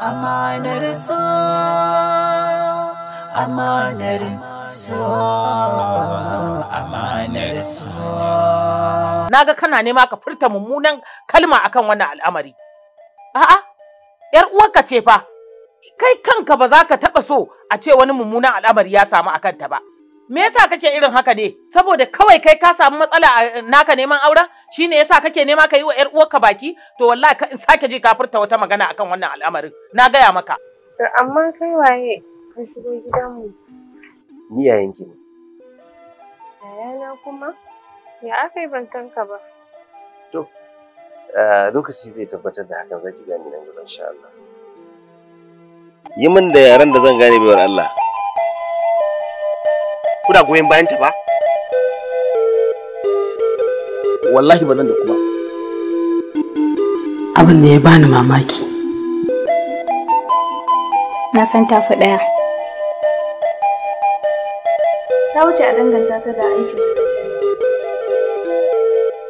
Amanar so, amanar Naga kana nema ka furta mummunan kalma akan wannan al'amari. A'a, ‘yar uwarka ce fa, kai kanka ba za ka taɓa so a ce wani mummunan al'amari ya samu a kanta ba. me yasa kake irin haka ne saboda kawai kai ka samu matsala a eh, naka neman auren shine yasa kake nema ka yi wa yar uwarka baki to wallahi ka in sake ji ka furta wata magana akan wannan al'amarin na gaya maka amma kai waye ka shigo gidanmu ni yayin ki ne yayana kuma ya aka yi ban san ka ba to lokaci zai tabbatar da hakan zaki gani nan gaba insha Allah yi min da yaran da zan gane baiwar Allah kuna goyon bayan ta ba wallahi ba nan da kuma abin da ya bani mamaki na san tafi ɗaya ta wuce a danganta ta da aikin su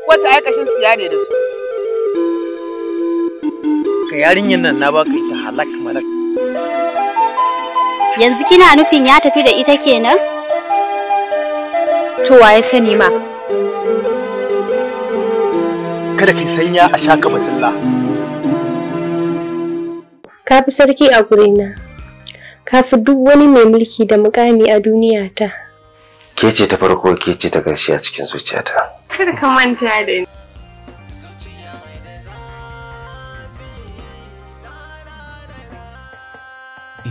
Wata wata aikashin siya ne da su ka yarinyar nan na baka ita halak malak yanzu kina nufin ya tafi da ita kenan to waye sani ma kada kai sanya a shaka masalla ka fi sarki a gurina ka fi duk wani mai mulki da mukami a duniya ta ke ce ta farko ke ce ta gashi a cikin zuciyata kada ka manta da ni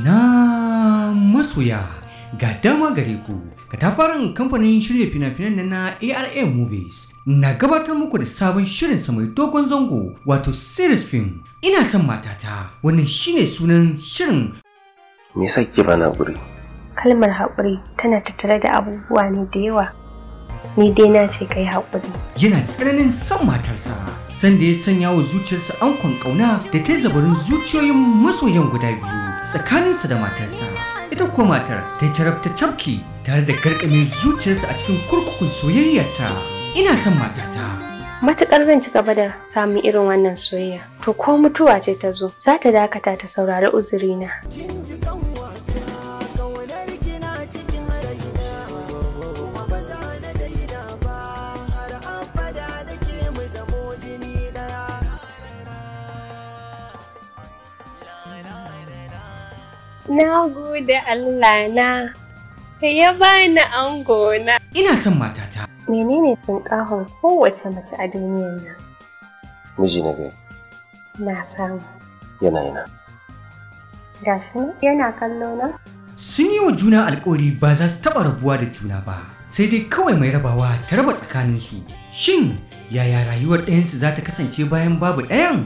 ina masoya ga dama gare ku Katafaren kamfanin shirya fina-finan na ARA Movies na gabatar muku da sabon shirin sa mai dogon zango wato series film ina son matata wannan shine sunan shirin. Me yasa ke bana guri? Kalmar haƙuri tana tattare da abubuwa ne da yawa. Ni dai na ce kai haƙuri. Yana tsananin son matarsa sanda ya sanya wa zuciyarsa ankon ƙauna da ta zabarin zuciyoyin masoyan guda biyu tsakaninsa da matarsa. ita kuwa matar ta tarab ta cabki tare da karkame zuciyarsa a cikin kurkukun soyayyarta ina son matata Matuƙar zan ci gaba da samun irin wannan soyayya to ko mutuwa ce ta zo za ta dakata ta saurari uzurina. Na gode Allah na, ka ya bani ango na. Ina son matata. Menene tunƙahon kowace mace a duniyar nan? Miji na gari. Na samu. Yana yana. Gashi yana kallo na? Sun yi wa juna alkawari ba za su taɓa rabuwa da juna ba, sai dai kawai mai rabawa ta raba tsakaninsu. Shin yaya rayuwar ɗayansu za ta kasance bayan babu ɗayan?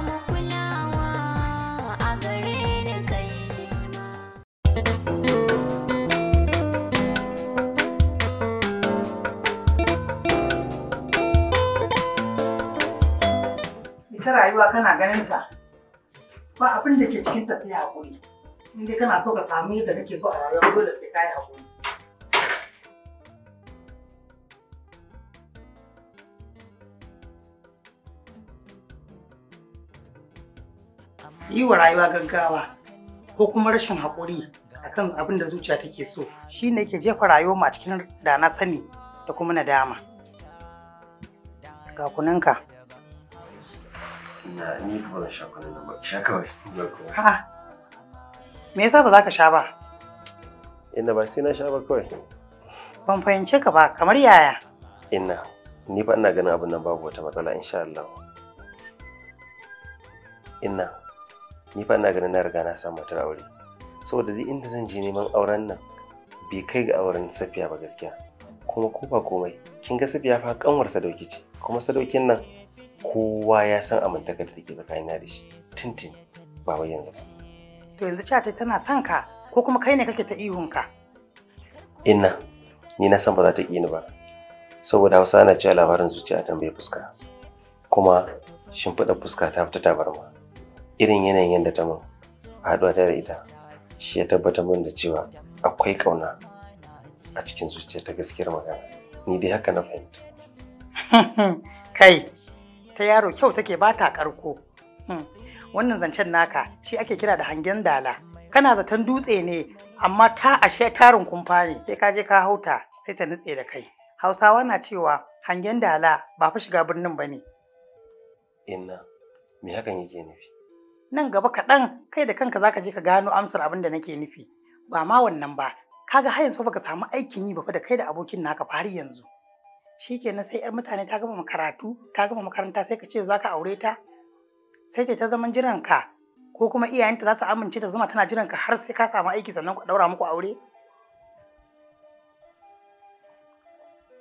ganin ba abin da ke cikin ta sai haƙuri in dai kana so ka samu yadda kake so a rayuwa dole sai kayi yi haƙuri yi wa rayuwa gaggawa ko kuma rashin haƙuri akan abin da zuciya take so shi ne ke jefa rayuwa ma cikin da na sani da kuma nadama ga kunanka Na ni fa ban sha nan ba. Sha kawai. Ha. Me yasa ba za ka sha ba? Inna ba sai na sha ba kawai. Ban fahimce ka ba kamar yaya? Inna ni fa ina ganin abin nan babu wata matsala insha Allah. Inna ni fa ina ganin na riga na samu matar aure. Saboda duk inda zan je neman auren nan bai kai ga auren Safiya ba gaskiya. Kuma ko ba komai kin ga Safiya fa kanwar sadauki ce kuma sadaukin nan kowa ya san amintakar da take tsakanina da shi tintin ba wai yanzu ba to yanzu ta tana son ka ko kuma kai ne kake ta ihun ka inna ni na san ba za ta ni ba saboda hausa na cewa labarin zuciya ta bai fuska kuma shimfiɗar fuska ta fita tabarma irin yanayin yadda ta mun haɗuwa ta da ita shi ya tabbatar min da cewa akwai ƙauna a cikin zuciya ta gaskiyar magana ni dai haka na fahimta kai ta yaro kyau take ba ta karko hmm. wannan zancen naka shi ake kira da hangen dala kana zaton dutse ne amma ta ashe tarin kumfa ne sai ka je ka hauta sai ta nutse da kai hausawa na cewa hangen dala ba fa shiga birnin ba ne inna me hakan yake nufi nan gaba kaɗan kai da kanka zaka je ka gano amsar abin da nake nufi ba ma wannan ba kaga har yanzu baka samu aikin yi ba fa da kai da abokin naka fa har yanzu shi kenan sai yar mutane ta gama karatu ta gama makaranta sai ka ce za ka aure ta sai ta zaman jiran ka ko kuma iyayenta za su amince ta zama tana jiran ka har sai ka samu aiki sannan ku daura muku aure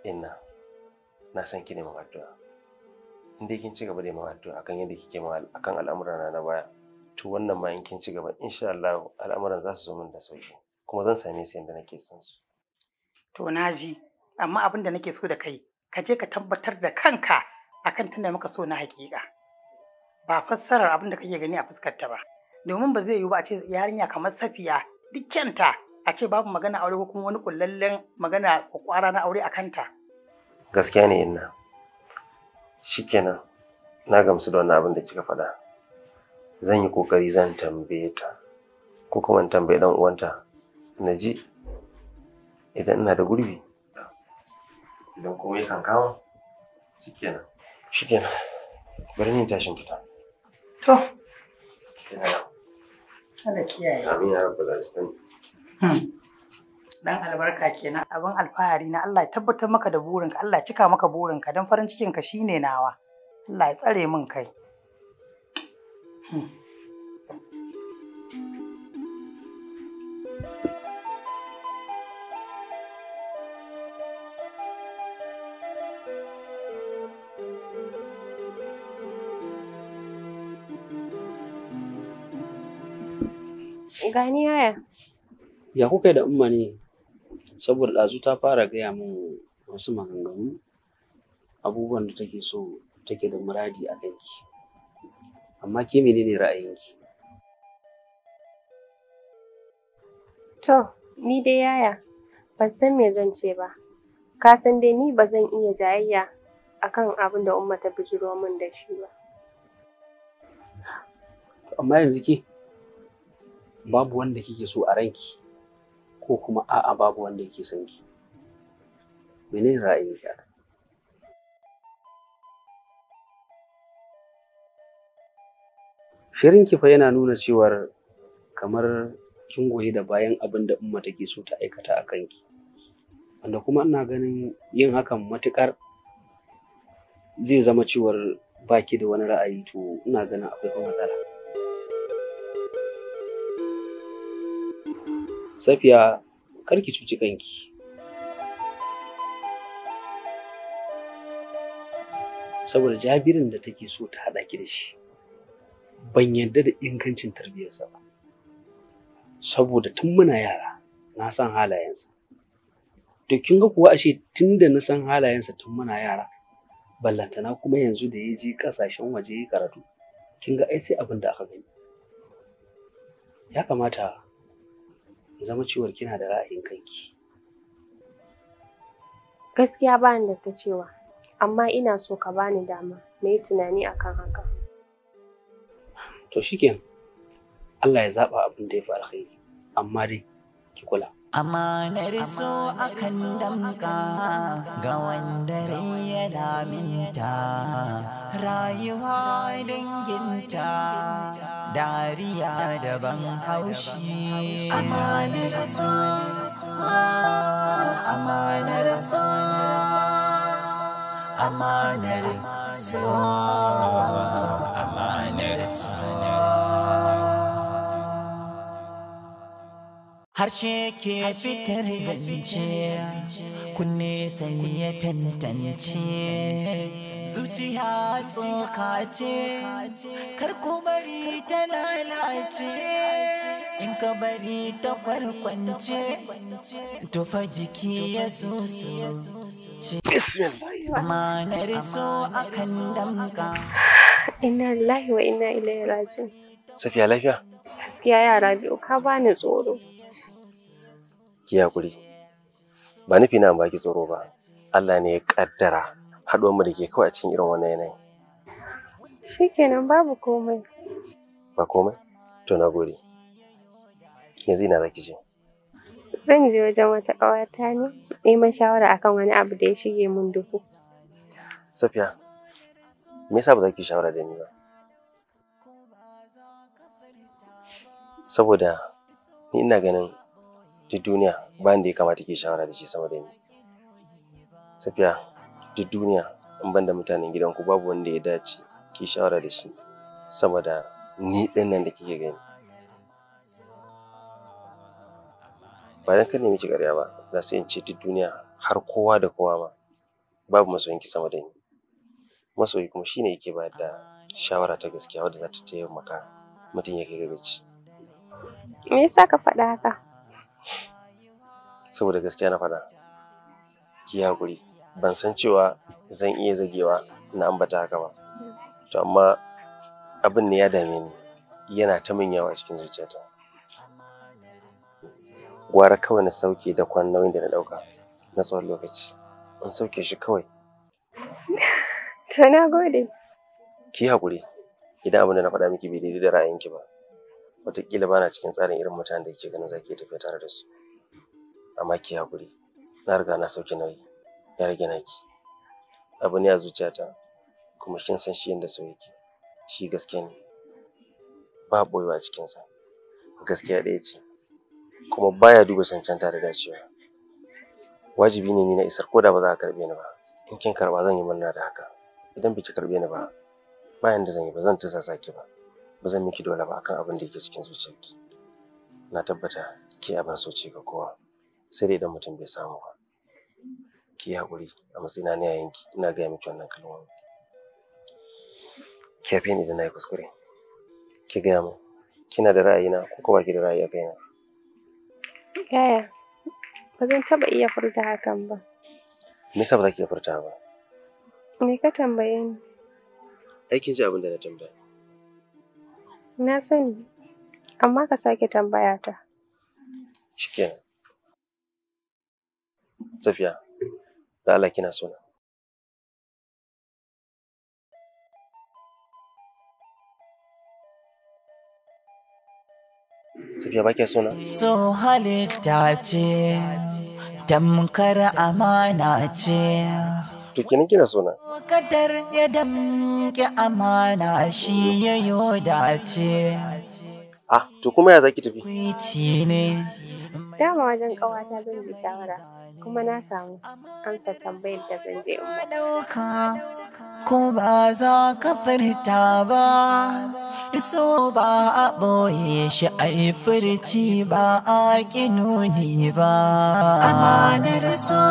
inna na san ki ne mun addu'a kin ci gaba da mun addu'a akan yadda kike ma akan al'amuran na baya to wannan ma in kin ci gaba insha Allah al'amuran za su zo min da sauki kuma zan same su yadda nake son su to na ji amma abin da nake so da kai ka je ka tabbatar da kanka akan tunda maka so na hakika ba fassarar abin da kake gani a fuskar ta ba domin ba zai yiwu ba a ce yarinya kamar safiya dukkanta a ce babu magana aure ko kuma wani kullallen magana kwakwara na aure a kanta gaskiya ne inna shikenan na gamsu da wannan abin da kika faɗa zan yi kokari zan tambaye ta ko kuma in tambaye dan uwanta na ji idan ina da gurbi idan kuma kan kama shi kenan bari ni tashin fita to Allah kiyaye amin ya da shi hmm. dan albarka kenan abin alfahari na Allah ya tabbatar maka da burinka Allah ya cika maka burinka don farin cikinka shine nawa Allah ya tsare min kai hmm. Gani yaya. Ya kuka da umma ne? Saboda ɗazu ta fara gaya min wasu maganganu abubuwan da take so take da muradi a kanki. Amma ke menene ra'ayinki? To, ni dai yaya ban san me zan ce ba. Ka san dai ni ba zan iya jayayya akan abin da umma ta bijiro min da shi ba. Amma yanzu ke babu wanda kike so a ranki ko kuma a'a babu wanda yake son ki menene ra'ayin ki shirin ki fa yana nuna cewar kamar kin goyi da bayan abin da umma take so ta aikata a kanki wanda kuma ina ganin yin hakan matukar zai zama cewar baki da wani ra'ayi to ina ganin akwai matsala Safiya kar ki cuci kanki. Saboda jabirin da take so ta haɗa ki da shi, ban yarda da ingancin tarbiyyarsa ba. Saboda tun muna yara na san halayensa. To kin ga kuwa ashe tun da na san halayensa tun muna yara, na kuma yanzu da ya je ƙasashen waje ya karatu, kin ga ai sai abin da aka gani. Ya kamata zama cewar kina da ra'ayin kanki gaskiya ba ni da ta cewa amma ina so ka bani dama na yi tunani akan haka to shikenan Allah ya zaba abin da ya fi alkhairi amma dai ki kula Amanar so akan damka ga wanda ya daminta, rayuwa danginta dariya daban haushi. Amanar so, amanar so, amanar so. harshe ke fitar zance kunne sai ya tantance zuciya tsoka ce kar ku bari ta lalace in ka bari ta kwarkwance tufa jiki ya susu manar so akan damka inna lillahi wa inna ilaihi raji'un safiya lafiya gaskiya yara biyu ka bani tsoro ki hakuri ba nufi na baki tsoro ba Allah ne ya kaddara haɗuwar mu da ke kawai a cikin irin wannan yanayin shikenan babu komai ba komai to na gode yanzu ina zaki je zan je wajen wata kawata ne neman shawara akan wani abu da ya shige mun duhu safiya me yasa ba za shawara da ni ba saboda ni ina ganin duk duniya ba da ya kamata ke shawara da shi sama da ni safiya duk duniya in ban da mutanen gidanku babu wanda ya dace ke shawara da shi sama da ni ɗin nan da kike gani ba don kan ki ƙarya ba za su ce duk duniya har kowa da kowa ma babu masoyinki sama da ni masoyi kuma shine yake bayar da shawara ta gaskiya wadda za ta taimaka mutum ya kai gaci me yasa ka faɗa haka saboda gaskiya na faɗa ki hakuri ban san cewa zan iya zagewa na ambata haka ba to amma abin ne ya dame ni yana ta min yawa cikin zuciyata gwara kawai na sauke da kwan nauyin da na ɗauka na tsawon lokaci in sauke shi kawai to na gode ki hakuri idan abin da na faɗa miki bai daidai da ra'ayinki ba wataƙila ba na cikin tsarin irin mutanen da ke ganin za ki tafiya tare da su amma ki haƙuri na riga na sauke nauyi ya rage naki abu ne a zuciyata kuma kin san shi yadda so yake shi gaske ne ba ɓoyewa a cikinsa gaskiya ɗaya ce kuma baya duba cancanta da dacewa wajibi ne ni na isar ko da ba za a karɓe ni ba in kin karɓa zan yi murna da haka idan biki karɓe ni ba bayan da zan yi ba zan tusa saki ba ba zan miki dole ba akan abin da yake cikin zuciyarki na tabbata ki abar so ce ga kowa sai dai idan mutum bai samu ba ki haƙuri a matsayina na yayinki ina gaya miki wannan kalmomi ki yafe ni da na yi kuskure ki gaya min kina da ra'ayina ko kuma ki da ra'ayi a kaina yaya ba zan taɓa iya furta hakan ba me yasa ba za ki iya furta ba me ka tambaye ni ai kin ji abin da na tambaya Na sani, amma ka sake tambaya ta. Shikenan. Safiya, da Allah kina sona. Safiya ba kya sona? So halitta ce, tamkar amana ce. to kenan kina suna. kadar ya damke amana shi ya yi dace ah to kuma ya zaki tafi ne dama wajen kawata zan bi shawara kuma na samu amsa tambayar da zan je ko ba za ka furta ba iso ba a boye shi a yi furci ba a ƙinoni ba amanar so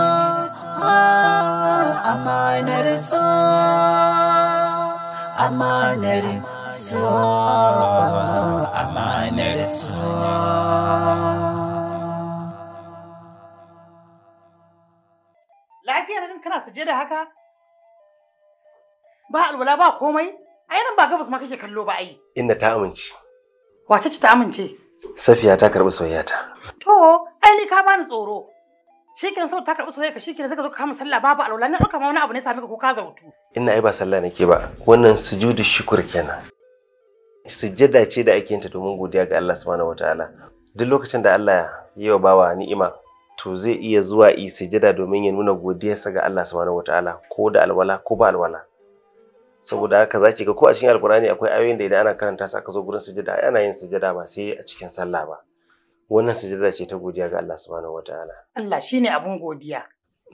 amanar so amanar so amanar so ganin kana suje da haka ba alwala ba komai A nan ba gabas ma kake kallo ba ai Inna ta amince wace ce ta amince safiya ta karbi soyayyata to ai ni ka bani tsoro shikenan saboda ta karbi soyayya ka shikenan zaka zo ka kama sallah babu alwala na dauka ma wani abu ne sami ka ko ka zautu ina ai ba sallah nake ba wannan sujudu shukur kenan sujjada ce da ake yin ta domin godiya ga Allah subhanahu wataala duk lokacin da Allah ya yi wa bawa ni'ima to zai iya zuwa yi sujada domin ya nuna godiyarsa ga Allah subhanahu wataala ko da alwala ko ba alwala saboda haka zaki ga ko a cikin Alqurani akwai ayoyin da idan ana karanta su aka zo gurin sujada ana yin sujada ba sai a cikin sallah ba wannan sujada ce ta godiya ga Allah subhanahu wataala Allah shine abun godiya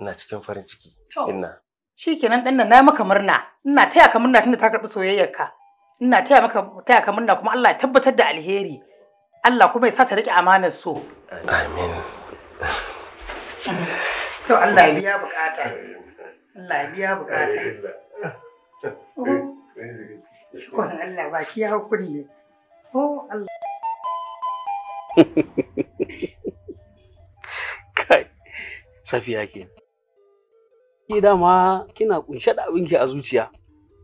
ina cikin farin ciki ina shikenan dan nan na maka murna ina taya ka murna tunda ta karbi soyayyarka ina taya maka taya ka murna kuma Allah ya tabbatar da alheri Allah kuma ya sa ta rike amanar so amin To Allah biya bukata. Allah biya bukata. Allah ba ki ne. Oh Allah. Kai, safiya ke. Ki dama kina kunshe da abinki a zuciya.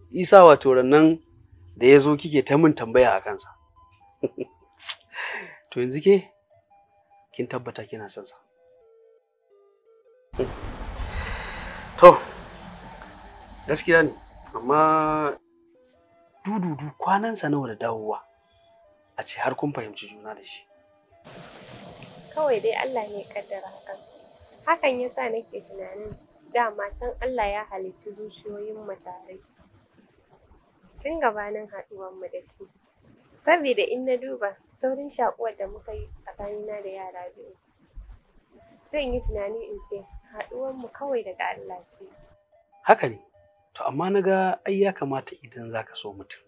Isa wato nan da ya zo kike ta min tambaya a kansa. To yanzu ke kin tabbata kina son sa. to gaskiya ne amma dududu kwanansa nawa da dawowa a ce har kun fahimci juna da shi kawai dai Allah ne kaddara hakan hakan yasa nake tunanin dama can Allah ya halicci zuciyoyin mu tun gabanin haɗuwar mu da shi saboda in na duba saurin shakuwar da muka yi tsakanina da yara biyu zan yi tunani in ce haɗuwar mu kawai daga Allah ce haka ne to amma na ga ai ya kamata idan za ka so mutum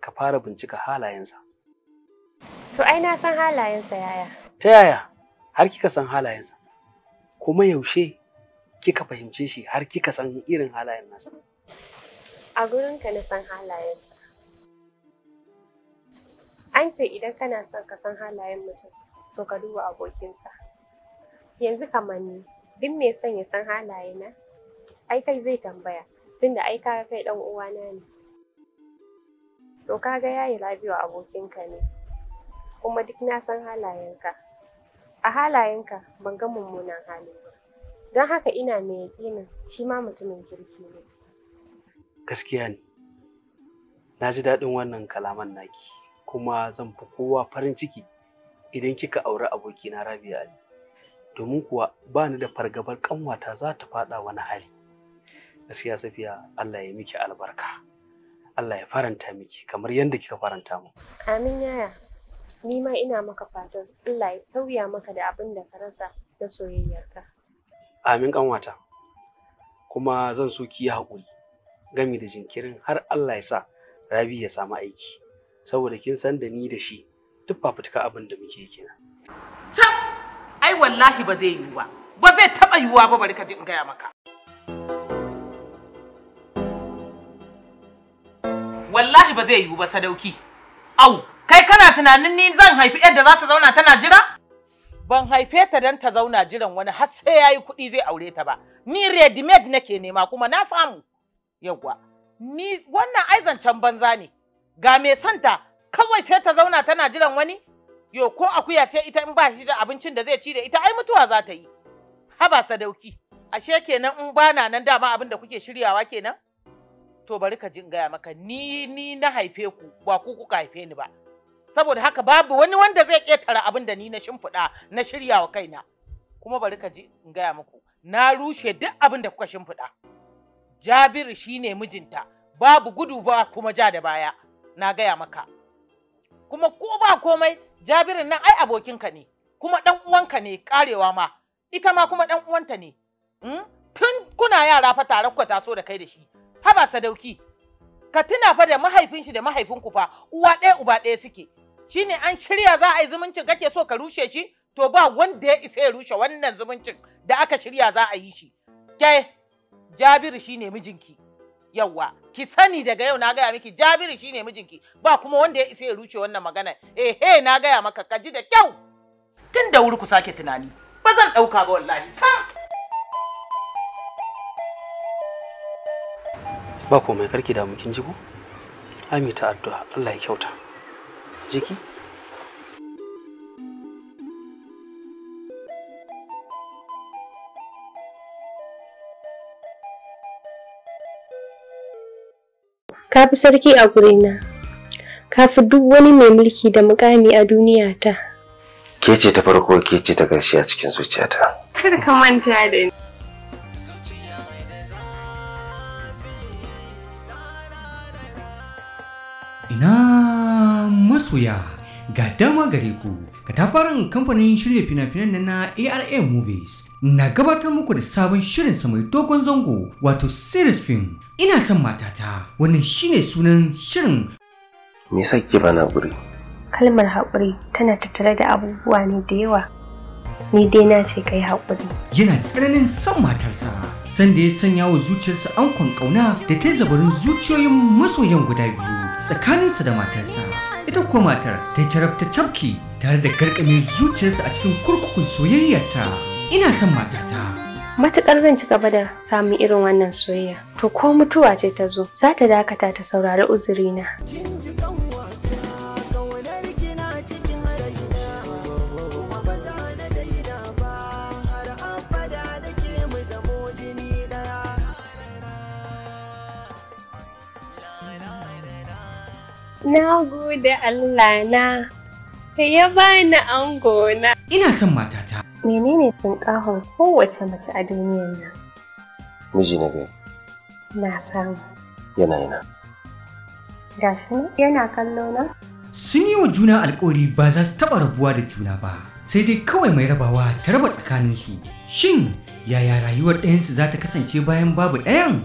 ka fara bincika halayensa to ai na san halayensa yaya ta yaya har kika san halayensa kuma yaushe kika fahimce shi har kika san irin halayen nasa a gurinka na san halayensa an ce idan kana son ka san halayen mutum to ka duba abokinsa yanzu kamar ni duk mai son ya san halaye na ai kai zai tambaya tunda ai ka kai dan uwana ne to ka kaga yayi Rabi'u abokinka ne kuma duk na san halayenka a halayenka ban ga mummunan hali ba don haka ina mai yaƙinin shi ma mutumin kirki ne gaskiya ne na ji daɗin wannan kalaman naki kuma zan fi kowa farin ciki idan kika auri abokina rabia Ali domin kuwa ba ni da fargabar kanwata za ta faɗa wani hali gaskiya safiya Allah ya miki albarka Allah ya faranta miki kamar yadda kika faranta mu amin yaya ni ma ina maka fatan Allah ya sauya maka da abin da ka rasa na soyayyarka amin kanwata kuma zan so ki yi haƙuri gami da jinkirin har Allah ya sa Rabi ya samu aiki saboda kin san da ni da shi duk fafutuka abin da muke kenan. Tab! ai wallahi ba zai yiwu ba ba zai taɓa yiwuwa ba bari ka in gaya maka wallahi ba zai yiwu ba sadauki au kai kana tunanin ni zan haifi yadda za ta zauna tana jira ban haife ta dan ta zauna jiran wani har sai yayi kuɗi zai aure ta ba ni ready made nake nema kuma na samu yawwa ni wannan ai banza ne ga me santa kawai sai ta zauna tana jiran wani Yo ko akuya ce ita in ba shi da abincin da zai ci da ita ai mutuwa za ta yi. Haba sadauki. Ashe kenan in bana nan dama abin da kuke shiryawa kenan? To bari ka jin gaya maka ni ni na haife ku ba ku kuka haife ni ba. Saboda haka babu wani wanda zai ƙetare abin da ni na shimfiɗa na shiryawa kaina. Kuma bari ka ji in gaya muku na rushe duk abin da kuka shimfiɗa. Jabiru shine mijinta babu gudu ba kuma ja da baya na gaya maka. Kuma ko ba komai Jabirin nan ai abokinka ne, kuma ɗan uwanka ne karewa ma, ita ma kuma ɗan uwanta ne. Hmm? Tun kuna yara fa tare kuka taso da kai da shi, haba sadauki. Ka tuna fa da mahaifin shi da mahaifinku fa uwa ɗaya uba ɗaya suke. Shi ne an shirya za a yi zumuncin kake so ka rushe shi? To ba wanda ya isa ya rushe wannan zumuncin da aka shirya za a yi shi. Ke, Jabiru shine mijinki. yawwa ki sani daga yau na gaya miki jabiru shine mijinki ba kuma wanda ya isa ya ruce wannan magana he na gaya maka ka ji da kyau tun da wuri ku sake tunani ba zan ɗauka ba wallahi sam ba komai karki da mu kin ji ko ta addu'a Allah ya kyauta jiki ka fi sarki a gurina ka fi duk wani mai mulki da mukami a duniya ta ke ce ta farko ke ce ta ƙarshe a cikin zuciyata kar ka manta da ni ina masoya ga dama gare ku katafaren kamfanin shirya fina-finan na ARA Movies na gabatar muku da sabon shirin sa mai dogon zango wato series film ina son matata wannan shine sunan shirin me yasa ba bana guri kalmar haƙuri tana tattare da abubuwa ne da yawa ni dai na ce kai haƙuri yana tsananin son matarsa sanda ya sanya wa zuciyarsa ankon ƙauna da ta zabarin zuciyoyin masoyan guda biyu tsakaninsa da matarsa ita ko matar ta yi tarabta cafki tare da garkame zuciyarsa a cikin kurkukun soyayyarta ina son matata matukar zan ci gaba da samun irin wannan soyayya to ko mutuwa ce ta zo za ta dakata ta saurari uzurina. Na gode Allah na, ka ya bani ango na. Ina son matata. Menene tunkahon kowace mace a duniyar nan? Miji na biyu. Na samu. Yana yana. Gashi yana kallo na? Sun yi wa juna alƙawari ba za su taɓa rabuwa da juna ba, sai dai kawai mai rabawa ta raba tsakaninsu. Shin yaya rayuwar ɗayansu za ta kasance bayan babu ɗayan?